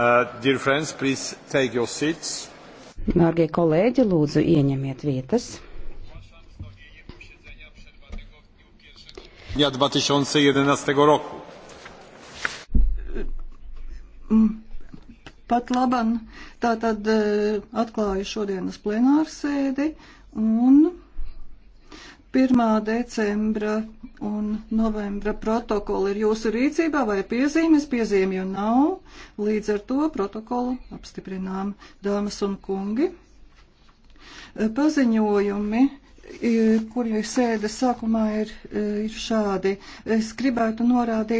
Uh, friends, Dārgie kolēģi, lūdzu ieņemiet vietas. Dnia 2011 roku. Mm, pat laban, tā tad e, atklāju šodienas plenārsēdi un 1. decembra Un novembra protokola ir jūsu rīcībā vai piezīmes? Piezīmju nav. Līdz ar to protokolu apstiprinām dāmas un kungi. Paziņojumi kuri sēdes sākumā ir, ir šādi. Es gribētu norādīt